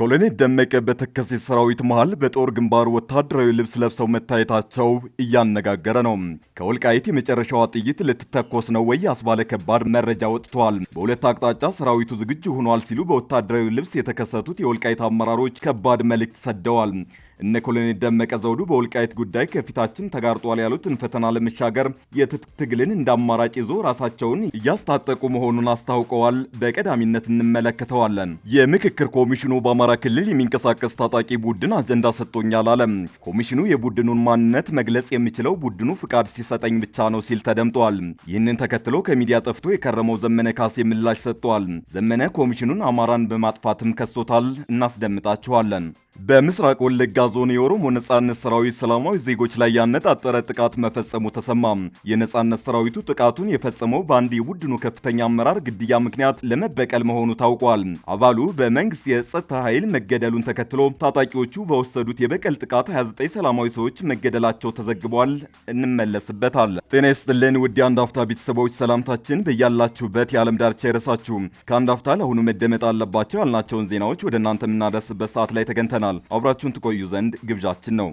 ኮሎኔል ደመቀ በተከሴ ሰራዊት መሃል በጦር ግንባር ወታደራዊ ልብስ ለብሰው መታየታቸው እያነጋገረ ነው። ከወልቃይት የመጨረሻዋ ጥይት ልትተኮስ ነው ወይ አስባለ ከባድ መረጃ ወጥቷል። በሁለት አቅጣጫ ሰራዊቱ ዝግጁ ሆኗል ሲሉ በወታደራዊ ልብስ የተከሰቱት የወልቃይት አመራሮች ከባድ መልእክት ሰደዋል። እነ ኮሎኔል ደመቀ ዘውዱ በወልቃይት ጉዳይ ከፊታችን ተጋርጧል ያሉትን ፈተና ለመሻገር የትጥቅ ትግልን እንደ አማራጭ ይዞ ራሳቸውን እያስታጠቁ መሆኑን አስታውቀዋል። በቀዳሚነት እንመለከተዋለን። የምክክር ኮሚሽኑ በአማራ ክልል የሚንቀሳቀስ ታጣቂ ቡድን አጀንዳ ሰጥቶኛል አለ። ኮሚሽኑ የቡድኑን ማንነት መግለጽ የሚችለው ቡድኑ ፍቃድ ሲሰጠኝ ብቻ ነው ሲል ተደምጧል። ይህንን ተከትሎ ከሚዲያ ጠፍቶ የከረመው ዘመነ ካሴ ምላሽ ሰጥቷል። ዘመነ ኮሚሽኑን አማራን በማጥፋትም ከሶታል። እናስደምጣችኋለን። በምስራቅ ወለጋ ዞን የኦሮሞ ነጻነት ሰራዊት ሰላማዊ ዜጎች ላይ ያነጣጠረ ጥቃት መፈጸሙ ተሰማ። የነጻነት ሰራዊቱ ጥቃቱን የፈጸመው በአንድ የቡድኑ ከፍተኛ አመራር ግድያ ምክንያት ለመበቀል መሆኑ ታውቋል። አባሉ በመንግስት የጸጥታ ኃይል መገደሉን ተከትሎ ታጣቂዎቹ በወሰዱት የበቀል ጥቃት 29 ሰላማዊ ሰዎች መገደላቸው ተዘግቧል። እንመለስበታል። ጤና ይስጥልን ውድ አንድ አፍታ ቤተሰቦች፣ ሰላምታችን በያላችሁበት የዓለም ዳርቻ ይረሳችሁ። ከአንድ አፍታ ለአሁኑ መደመጥ አለባቸው ያልናቸውን ዜናዎች ወደ እናንተ የምናደርስበት ሰዓት ላይ ተገንተናል። ይሆናል። አብራችሁን ትቆዩ ዘንድ ግብዣችን ነው።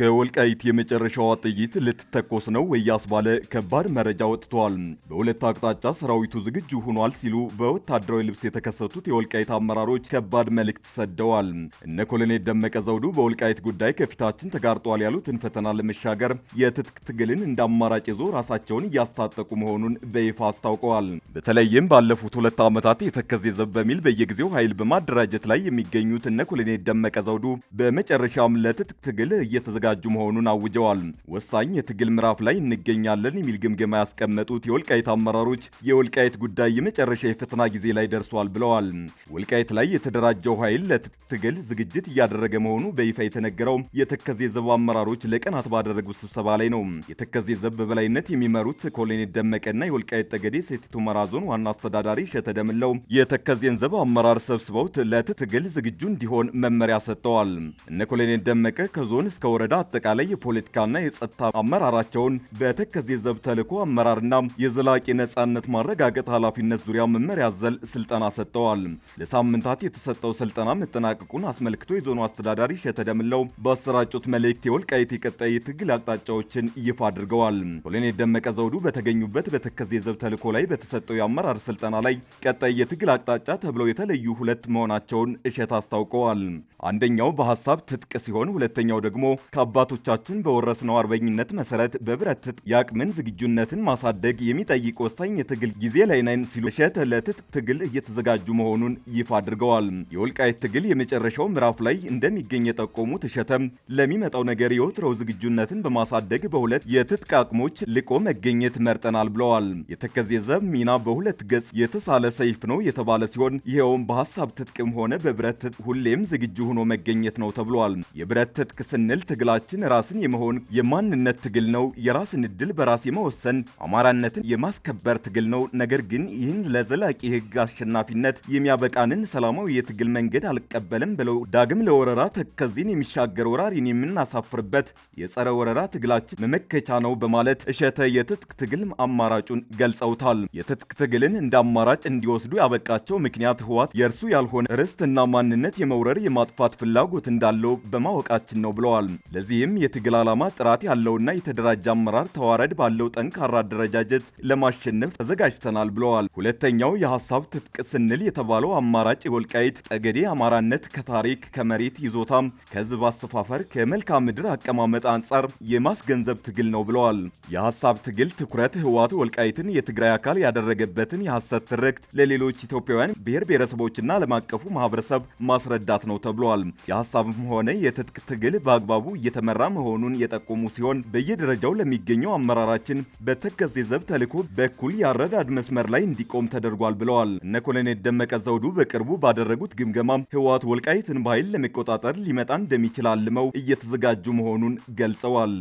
ከወልቃይት የመጨረሻዋ ጥይት ልትተኮስ ነው እያስባለ ከባድ መረጃ ወጥቷል። በሁለት አቅጣጫ ሰራዊቱ ዝግጁ ሆኗል ሲሉ በወታደራዊ ልብስ የተከሰቱት የወልቃይት አመራሮች ከባድ መልእክት ሰደዋል። እነ ኮሎኔል ደመቀ ዘውዱ በወልቃይት ጉዳይ ከፊታችን ተጋርጧል ያሉትን ፈተና ለመሻገር የትጥቅ ትግልን እንደ አማራጭ ይዞ ራሳቸውን እያስታጠቁ መሆኑን በይፋ አስታውቀዋል። በተለይም ባለፉት ሁለት ዓመታት የተከዜ ዘብ በሚል በየጊዜው ኃይል በማደራጀት ላይ የሚገኙት እነ ኮሎኔል ደመቀ ዘውዱ በመጨረሻም ለትጥቅ ትግል እየተዘጋ እየተዘጋጁ መሆኑን አውጀዋል። ወሳኝ የትግል ምዕራፍ ላይ እንገኛለን የሚል ግምገማ ያስቀመጡት የወልቃይት አመራሮች የወልቃይት ጉዳይ የመጨረሻ የፈተና ጊዜ ላይ ደርሷል ብለዋል። ወልቃይት ላይ የተደራጀው ኃይል ለትግል ዝግጅት እያደረገ መሆኑ በይፋ የተነገረው የተከዜ ዘብ አመራሮች ለቀናት ባደረጉት ስብሰባ ላይ ነው። የተከዜ ዘብ በበላይነት የሚመሩት ኮሎኔል ደመቀና የወልቃይት ጠገዴ ሰቲት ሁመራ ዞን ዋና አስተዳዳሪ ሸተ ደምለው የተከዜን ዘብ አመራር ሰብስበው ለትግል ዝግጁ እንዲሆን መመሪያ ሰጥተዋል። እነ ኮሎኔል ደመቀ ከዞን እስከ ወረዳ አጠቃላይ የፖለቲካና የጸጥታ አመራራቸውን በተከዜ ዘብ ተልዕኮ አመራርና የዘላቂ ነጻነት ማረጋገጥ ኃላፊነት ዙሪያ መመሪያ አዘል ስልጠና ሰጥተዋል። ለሳምንታት የተሰጠው ስልጠና መጠናቀቁን አስመልክቶ የዞኑ አስተዳዳሪ ሸተ ደምለው በአሰራጩት መልእክት የወልቃይት የቀጣይ የትግል አቅጣጫዎችን ይፋ አድርገዋል። ኮሎኔል ደመቀ ዘውዱ በተገኙበት በተከዜ ዘብ ተልዕኮ ላይ በተሰጠው የአመራር ስልጠና ላይ ቀጣይ የትግል አቅጣጫ ተብለው የተለዩ ሁለት መሆናቸውን እሸት አስታውቀዋል። አንደኛው በሀሳብ ትጥቅ ሲሆን ሁለተኛው ደግሞ ከ አባቶቻችን በወረስነው አርበኝነት መሰረት በብረት ትጥቅ የአቅምን ዝግጁነትን ማሳደግ የሚጠይቅ ወሳኝ የትግል ጊዜ ላይ ነን ሲሉ እሸተ ለትጥቅ ትግል እየተዘጋጁ መሆኑን ይፋ አድርገዋል። የወልቃይት ትግል የመጨረሻው ምዕራፍ ላይ እንደሚገኝ የጠቆሙት እሸተም ለሚመጣው ነገር የወትሮው ዝግጁነትን በማሳደግ በሁለት የትጥቅ አቅሞች ልቆ መገኘት መርጠናል ብለዋል። የተከዜ ዘብ ሚና በሁለት ገጽ የተሳለ ሰይፍ ነው የተባለ ሲሆን ይኸውም በሀሳብ ትጥቅም ሆነ በብረት ትጥቅ ሁሌም ዝግጁ ሆኖ መገኘት ነው ተብሏል። የብረት ትጥቅ ስንል ትግላ ሀሳባችን ራስን የመሆን የማንነት ትግል ነው። የራስን እድል በራስ የመወሰን አማራነትን የማስከበር ትግል ነው። ነገር ግን ይህን ለዘላቂ ህግ አሸናፊነት የሚያበቃንን ሰላማዊ የትግል መንገድ አልቀበልም ብለው ዳግም ለወረራ ተከዜን የሚሻገር ወራሪን የምናሳፍርበት የጸረ ወረራ ትግላችን መመከቻ ነው በማለት እሸተ የትጥቅ ትግል አማራጩን ገልጸውታል። የትጥቅ ትግልን እንደ አማራጭ እንዲወስዱ ያበቃቸው ምክንያት ህዋት የእርሱ ያልሆነ ርስትና ማንነት የመውረር የማጥፋት ፍላጎት እንዳለው በማወቃችን ነው ብለዋል። ለዚህም የትግል ዓላማ ጥራት ያለውና የተደራጀ አመራር ተዋረድ ባለው ጠንካራ አደረጃጀት ለማሸነፍ ተዘጋጅተናል ብለዋል። ሁለተኛው የሀሳብ ትጥቅ ስንል የተባለው አማራጭ የወልቃይት ጠገዴ አማራነት ከታሪክ ከመሬት ይዞታም ከህዝብ አሰፋፈር ከመልክዓ ምድር አቀማመጥ አንጻር የማስገንዘብ ትግል ነው ብለዋል። የሀሳብ ትግል ትኩረት ህወሓት ወልቃይትን የትግራይ አካል ያደረገበትን የሐሰት ትርክት ለሌሎች ኢትዮጵያውያን ብሔር ብሔረሰቦችና ዓለም አቀፉ ማህበረሰብ ማስረዳት ነው ተብሏል። የሀሳብም ሆነ የትጥቅ ትግል በአግባቡ እየተመራ መሆኑን የጠቆሙ ሲሆን በየደረጃው ለሚገኘው አመራራችን በተከዜ ዘብ ተልዕኮ በኩል የአረዳድ መስመር ላይ እንዲቆም ተደርጓል ብለዋል። እነ ኮሎኔል ደመቀ ዘውዱ በቅርቡ ባደረጉት ግምገማ ህወሓት ወልቃይትን በኃይል ለመቆጣጠር ሊመጣ እንደሚችል አልመው እየተዘጋጁ መሆኑን ገልጸዋል።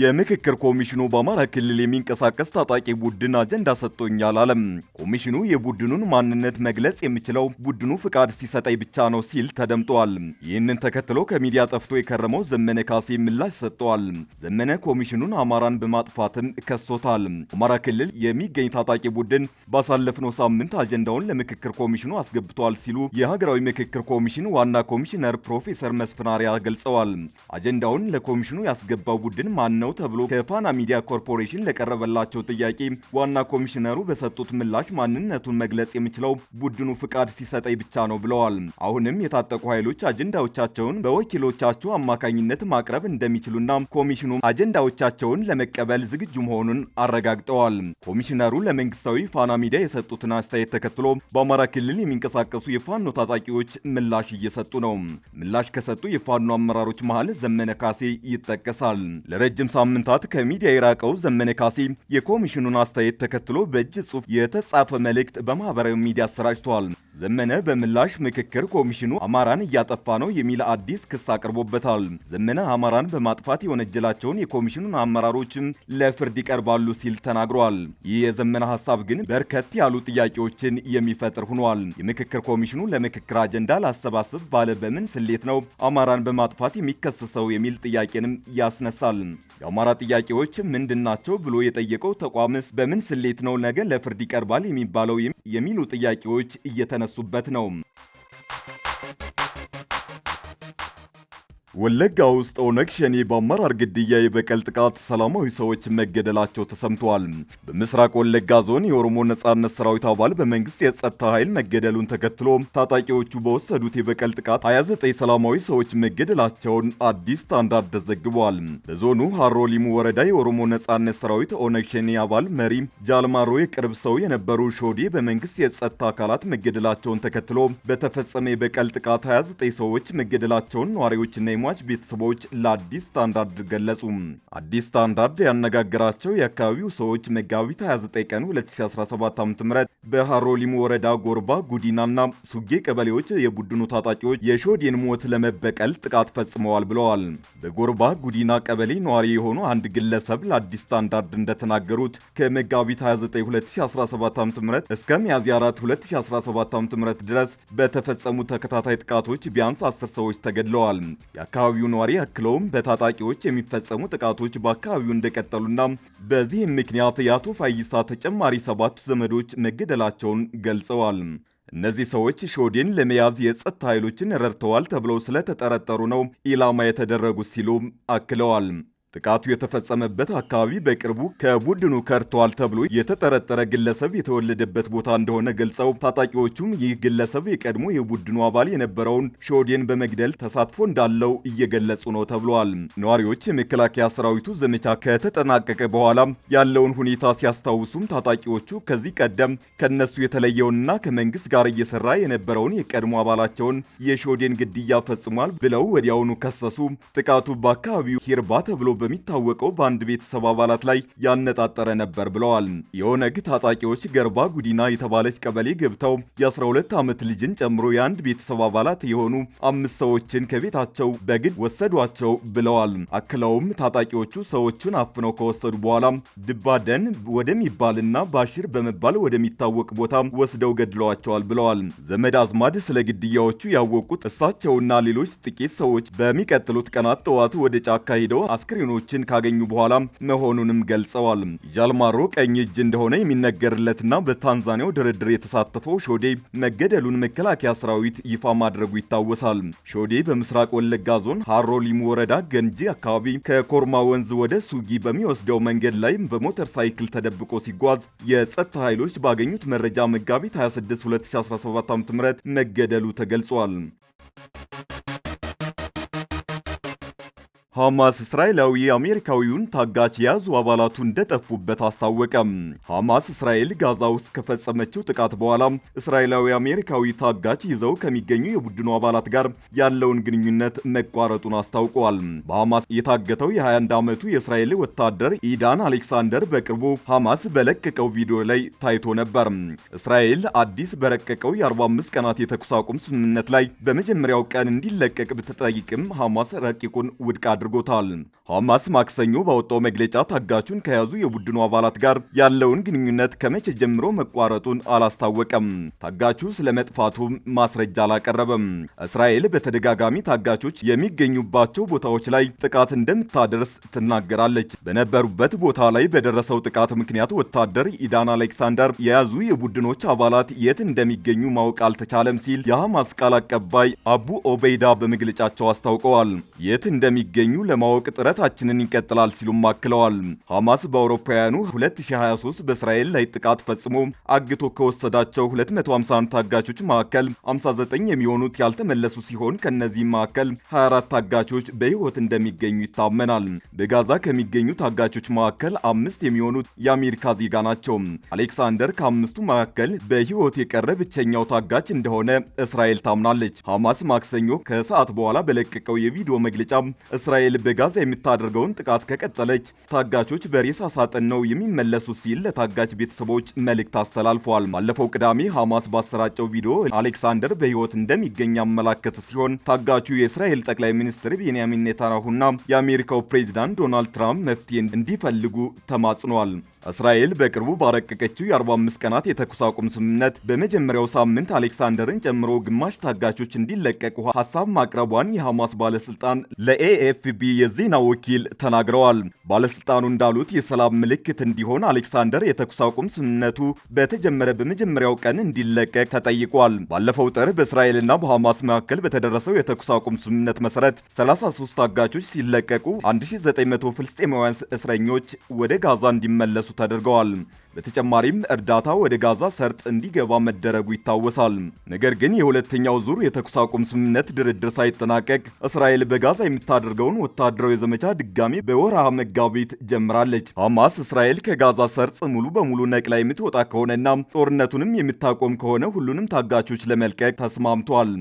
የምክክር ኮሚሽኑ በአማራ ክልል የሚንቀሳቀስ ታጣቂ ቡድን አጀንዳ ሰጥቶኛል አለም። ኮሚሽኑ የቡድኑን ማንነት መግለጽ የምችለው ቡድኑ ፍቃድ ሲሰጠኝ ብቻ ነው ሲል ተደምጧል። ይህንን ተከትሎ ከሚዲያ ጠፍቶ የከረመው ዘመነ ካሴ ምላሽ ሰጥቷል። ዘመነ ኮሚሽኑን አማራን በማጥፋትም ከሶታል። አማራ ክልል የሚገኝ ታጣቂ ቡድን ባሳለፍነው ሳምንት አጀንዳውን ለምክክር ኮሚሽኑ አስገብቷል ሲሉ የሀገራዊ ምክክር ኮሚሽን ዋና ኮሚሽነር ፕሮፌሰር መስፍናሪያ ገልጸዋል። አጀንዳውን ለኮሚሽኑ ያስገባው ቡድን ማን ነው ተብሎ ከፋና ሚዲያ ኮርፖሬሽን ለቀረበላቸው ጥያቄ ዋና ኮሚሽነሩ በሰጡት ምላሽ ማንነቱን መግለጽ የምችለው ቡድኑ ፍቃድ ሲሰጠኝ ብቻ ነው ብለዋል። አሁንም የታጠቁ ኃይሎች አጀንዳዎቻቸውን በወኪሎቻቸው አማካኝነት ማቅረብ እንደሚችሉና ኮሚሽኑ አጀንዳዎቻቸውን ለመቀበል ዝግጁ መሆኑን አረጋግጠዋል። ኮሚሽነሩ ለመንግስታዊ ፋና ሚዲያ የሰጡትን አስተያየት ተከትሎ በአማራ ክልል የሚንቀሳቀሱ የፋኖ ታጣቂዎች ምላሽ እየሰጡ ነው። ምላሽ ከሰጡ የፋኖ አመራሮች መሃል ዘመነ ካሴ ይጠቀሳል። ለረጅም ሳምንታት ከሚዲያ የራቀው ዘመነ ካሴ የኮሚሽኑን አስተያየት ተከትሎ በእጅ ጽሑፍ የተጻፈ መልእክት በማህበራዊ ሚዲያ አሰራጭተዋል። ዘመነ በምላሽ ምክክር ኮሚሽኑ አማራን እያጠፋ ነው የሚል አዲስ ክስ አቅርቦበታል። ዘመነ አማራን በማጥፋት የወነጀላቸውን የኮሚሽኑን አመራሮችም ለፍርድ ይቀርባሉ ሲል ተናግሯል። ይህ የዘመነ ሀሳብ ግን በርከት ያሉ ጥያቄዎችን የሚፈጥር ሆኗል። የምክክር ኮሚሽኑ ለምክክር አጀንዳ ላሰባስብ ባለ በምን ስሌት ነው አማራን በማጥፋት የሚከሰሰው የሚል ጥያቄንም ያስነሳል። የአማራ ጥያቄዎች ምንድናቸው ብሎ የጠየቀው ተቋምስ በምን ስሌት ነው ነገ ለፍርድ ይቀርባል የሚባለው የሚሉ ጥያቄዎች እየተነሱ የተነሱበት ነው። ወለጋ ውስጥ ኦነግ ሸኔ በአመራር ግድያ የበቀል ጥቃት ሰላማዊ ሰዎች መገደላቸው ተሰምቷል። በምስራቅ ወለጋ ዞን የኦሮሞ ነጻነት ሰራዊት አባል በመንግስት የጸጥታ ኃይል መገደሉን ተከትሎ ታጣቂዎቹ በወሰዱት የበቀል ጥቃት 29 ሰላማዊ ሰዎች መገደላቸውን አዲስ ስታንዳርድ ዘግቧል። በዞኑ ሃሮ ሊሙ ወረዳ የኦሮሞ ነጻነት ሰራዊት ኦነግ ሸኔ አባል መሪ ጃልማሮ የቅርብ ሰው የነበሩ ሾዴ በመንግስት የጸጥታ አካላት መገደላቸውን ተከትሎ በተፈጸመ የበቀል ጥቃት 29 ሰዎች መገደላቸውን ነዋሪዎችና የሟች ቤተሰቦች ለአዲስ ስታንዳርድ ገለጹ። አዲስ ስታንዳርድ ያነጋገራቸው የአካባቢው ሰዎች መጋቢት 29 ቀን 2017 ዓ.ም ም በሃሮሊሙ ወረዳ ጎርባ ጉዲናና ሱጌ ቀበሌዎች የቡድኑ ታጣቂዎች የሾዴን ሞት ለመበቀል ጥቃት ፈጽመዋል ብለዋል። በጎርባ ጉዲና ቀበሌ ነዋሪ የሆኑ አንድ ግለሰብ ለአዲስ ስታንዳርድ እንደተናገሩት ከመጋቢት 29 2017 ም እስከ ሚያዝያ 4 2017 ም ድረስ በተፈጸሙ ተከታታይ ጥቃቶች ቢያንስ 10 ሰዎች ተገድለዋል። የአካባቢው ነዋሪ አክለውም በታጣቂዎች የሚፈጸሙ ጥቃቶች በአካባቢው እንደቀጠሉና በዚህም ምክንያት የአቶ ፋይሳ ተጨማሪ ሰባቱ ዘመዶች መገደላቸውን ገልጸዋል። እነዚህ ሰዎች ሾዴን ለመያዝ የጸጥታ ኃይሎችን ረድተዋል ተብለው ስለተጠረጠሩ ነው ኢላማ የተደረጉት ሲሉ አክለዋል። ጥቃቱ የተፈጸመበት አካባቢ በቅርቡ ከቡድኑ ከርተዋል ተብሎ የተጠረጠረ ግለሰብ የተወለደበት ቦታ እንደሆነ ገልጸው ታጣቂዎቹም ይህ ግለሰብ የቀድሞ የቡድኑ አባል የነበረውን ሾዴን በመግደል ተሳትፎ እንዳለው እየገለጹ ነው ተብሏል። ነዋሪዎች የመከላከያ ሰራዊቱ ዘመቻ ከተጠናቀቀ በኋላ ያለውን ሁኔታ ሲያስታውሱም ታጣቂዎቹ ከዚህ ቀደም ከነሱ የተለየውንና ከመንግስት ጋር እየሰራ የነበረውን የቀድሞ አባላቸውን የሾዴን ግድያ ፈጽሟል ብለው ወዲያውኑ ከሰሱ። ጥቃቱ በአካባቢው ሂርባ ተብሎ በሚታወቀው በአንድ ቤተሰብ አባላት ላይ ያነጣጠረ ነበር ብለዋል። የኦነግ ታጣቂዎች ገርባ ጉዲና የተባለች ቀበሌ ገብተው የ12 ዓመት ልጅን ጨምሮ የአንድ ቤተሰብ አባላት የሆኑ አምስት ሰዎችን ከቤታቸው በግድ ወሰዷቸው ብለዋል። አክለውም ታጣቂዎቹ ሰዎቹን አፍነው ከወሰዱ በኋላ ድባደን ወደሚባልና ባሽር በመባል ወደሚታወቅ ቦታ ወስደው ገድለዋቸዋል ብለዋል። ዘመድ አዝማድ ስለ ግድያዎቹ ያወቁት እሳቸውና ሌሎች ጥቂት ሰዎች በሚቀጥሉት ቀናት ጠዋቱ ወደ ጫካ ሄደው አስክሬኑ መኮንኖችን ካገኙ በኋላ መሆኑንም ገልጸዋል። ጃልማሮ ቀኝ እጅ እንደሆነ የሚነገርለትና በታንዛኒያው ድርድር የተሳተፈው ሾዴ መገደሉን መከላከያ ሰራዊት ይፋ ማድረጉ ይታወሳል። ሾዴ በምስራቅ ወለጋ ዞን ሃሮ ሊሙ ወረዳ ገንጂ አካባቢ ከኮርማ ወንዝ ወደ ሱጊ በሚወስደው መንገድ ላይ በሞተር ሳይክል ተደብቆ ሲጓዝ የጸጥታ ኃይሎች ባገኙት መረጃ መጋቢት 26 2017 ዓ.ም መገደሉ ተገልጿል። ሐማስ እስራኤላዊ አሜሪካዊውን ታጋች የያዙ አባላቱ እንደጠፉበት አስታወቀም። ሐማስ እስራኤል ጋዛ ውስጥ ከፈጸመችው ጥቃት በኋላ እስራኤላዊ አሜሪካዊ ታጋች ይዘው ከሚገኙ የቡድኑ አባላት ጋር ያለውን ግንኙነት መቋረጡን አስታውቀዋል። በሐማስ የታገተው የ21 ዓመቱ የእስራኤል ወታደር ኢዳን አሌክሳንደር በቅርቡ ሐማስ በለቀቀው ቪዲዮ ላይ ታይቶ ነበር። እስራኤል አዲስ በረቀቀው የ45 ቀናት የተኩስ አቁም ስምምነት ላይ በመጀመሪያው ቀን እንዲለቀቅ ብትጠይቅም ሐማስ ረቂቁን ውድቅ አድርጎታል። ሐማስ ማክሰኞ ባወጣው መግለጫ ታጋቹን ከያዙ የቡድኑ አባላት ጋር ያለውን ግንኙነት ከመቼ ጀምሮ መቋረጡን አላስታወቀም። ታጋቹ ስለ መጥፋቱ ማስረጃ አላቀረበም። እስራኤል በተደጋጋሚ ታጋቾች የሚገኙባቸው ቦታዎች ላይ ጥቃት እንደምታደርስ ትናገራለች። በነበሩበት ቦታ ላይ በደረሰው ጥቃት ምክንያት ወታደር ኢዳን አሌክሳንደር የያዙ የቡድኖች አባላት የት እንደሚገኙ ማወቅ አልተቻለም ሲል የሐማስ ቃል አቀባይ አቡ ኦበይዳ በመግለጫቸው አስታውቀዋል። የት እንደሚገኙ እንደሚገኙ ለማወቅ ጥረታችንን ይቀጥላል ሲሉም አክለዋል። ሐማስ በአውሮፓውያኑ 2023 በእስራኤል ላይ ጥቃት ፈጽሞ አግቶ ከወሰዳቸው 251 ታጋቾች መካከል 59 የሚሆኑት ያልተመለሱ ሲሆን ከእነዚህም መካከል 24 ታጋቾች በሕይወት እንደሚገኙ ይታመናል። በጋዛ ከሚገኙ ታጋቾች መካከል አምስት የሚሆኑት የአሜሪካ ዜጋ ናቸው። አሌክሳንደር ከአምስቱ መካከል በሕይወት የቀረ ብቸኛው ታጋች እንደሆነ እስራኤል ታምናለች። ሐማስ ማክሰኞ ከሰዓት በኋላ በለቀቀው የቪዲዮ መግለጫ እስራኤል እስራኤል በጋዛ የምታደርገውን ጥቃት ከቀጠለች ታጋቾች በሬሳ ሳጥን ነው የሚመለሱ ሲል ለታጋች ቤተሰቦች መልእክት አስተላልፏል። ባለፈው ቅዳሜ ሐማስ ባሰራጨው ቪዲዮ አሌክሳንደር በሕይወት እንደሚገኝ ያመላከተ ሲሆን ታጋቹ የእስራኤል ጠቅላይ ሚኒስትር ቤንያሚን ኔታንያሁና የአሜሪካው ፕሬዚዳንት ዶናልድ ትራምፕ መፍትሄ እንዲፈልጉ ተማጽኗል። እስራኤል በቅርቡ ባረቀቀችው የ45 ቀናት የተኩስ አቁም ስምምነት በመጀመሪያው ሳምንት አሌክሳንደርን ጨምሮ ግማሽ ታጋቾች እንዲለቀቁ ሀሳብ ማቅረቧን የሐማስ ባለስልጣን ለኤኤፍ ኤፍቢ የዜና ወኪል ተናግረዋል። ባለስልጣኑ እንዳሉት የሰላም ምልክት እንዲሆን አሌክሳንደር የተኩስ አቁም ስምምነቱ በተጀመረ በመጀመሪያው ቀን እንዲለቀቅ ተጠይቋል። ባለፈው ጥር በእስራኤልና በሐማስ መካከል በተደረሰው የተኩስ አቁም ስምምነት መሰረት 33 አጋቾች ሲለቀቁ 1900 ፍልስጤማውያን እስረኞች ወደ ጋዛ እንዲመለሱ ተደርገዋል። በተጨማሪም እርዳታ ወደ ጋዛ ሰርጥ እንዲገባ መደረጉ ይታወሳል። ነገር ግን የሁለተኛው ዙር የተኩስ አቁም ስምምነት ድርድር ሳይጠናቀቅ እስራኤል በጋዛ የምታደርገውን ወታደራዊ ዘመቻ ድጋሜ በወርሃ መጋቢት ጀምራለች። ሐማስ እስራኤል ከጋዛ ሰርጥ ሙሉ በሙሉ ነቅላ የምትወጣ ከሆነና ጦርነቱንም የምታቆም ከሆነ ሁሉንም ታጋቾች ለመልቀቅ ተስማምቷል።